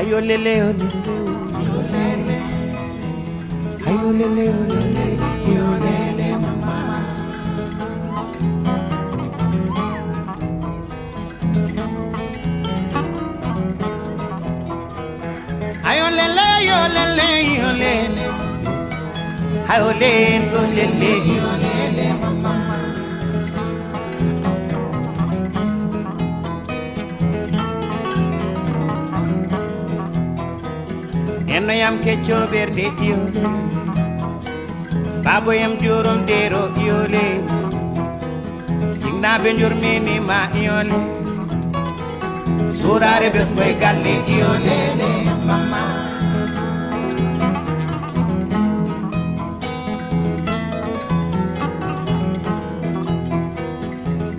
ayọ̀lẹ́lẹ́ ọ̀lẹ́lẹ́ ọ̀lẹ́lẹ́ ayọ̀lẹ́lẹ́ ọ̀lẹ́lẹ́ ọ̀lẹ́lẹ́ mama. ayọ̀lẹ́lẹ́ ọ̀lẹ́lẹ́ ọ̀lẹ́lẹ́ ayọ̀lẹ́lẹ́ ọ̀lẹ́lẹ́ ọ̀lẹ́lẹ́ mama. enoyam keccoɓerɗe ƴiwle baboyam jorom dero ƴiwle jinnaɓe jorminima ƴiwle surare ɓesgoye galle ƴiwlele mama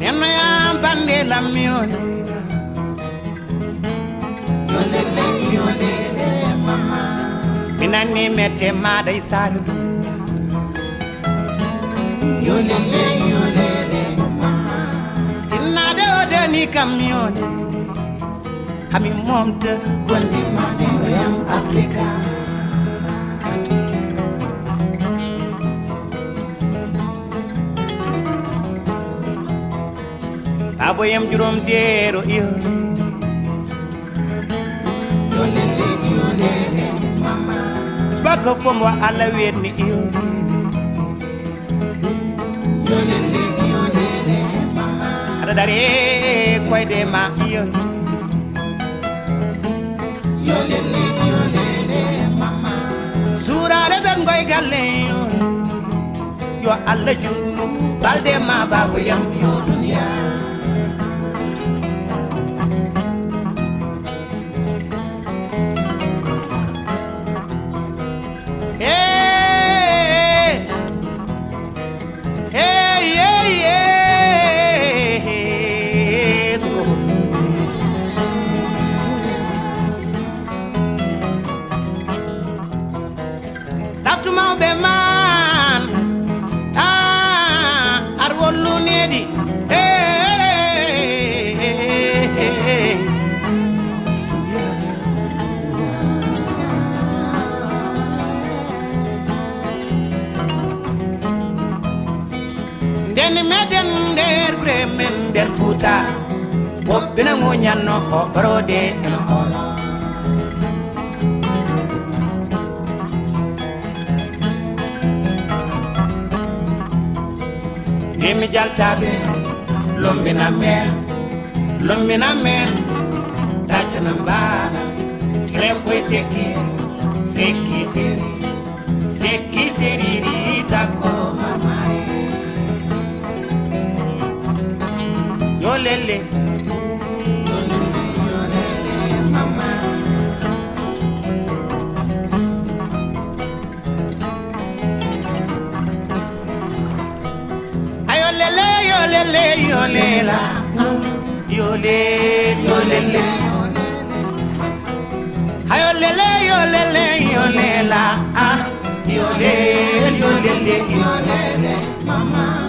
enoyam bande lammiole ƴolele ƴolele minan ni mette ma day saaru du yolele yolele mama tinade o de ni kam yone kami momte gondi mane yam afrika aboyam juróom deero iyo ka fom wa alla werni iwdi aɗa dari koyde ma iwdi suuraare ɓen goye galle yo allah junnum balde ma baabo yam yoɗuni ɗaftu mawɓe man a ah, ar wolluneɗi e nden meɗen nder ɓure men nder fuuta woɓɓene muñanno o ɓorode en himmi jaltaaɓe lombina men lombina men daccana mbaala kelen koye sekki sekki seri sekki seriri dakko mamare yo lelle yolele yolele yolela yole yolele ayolele yolele yolela ah yole yolele yolele mama.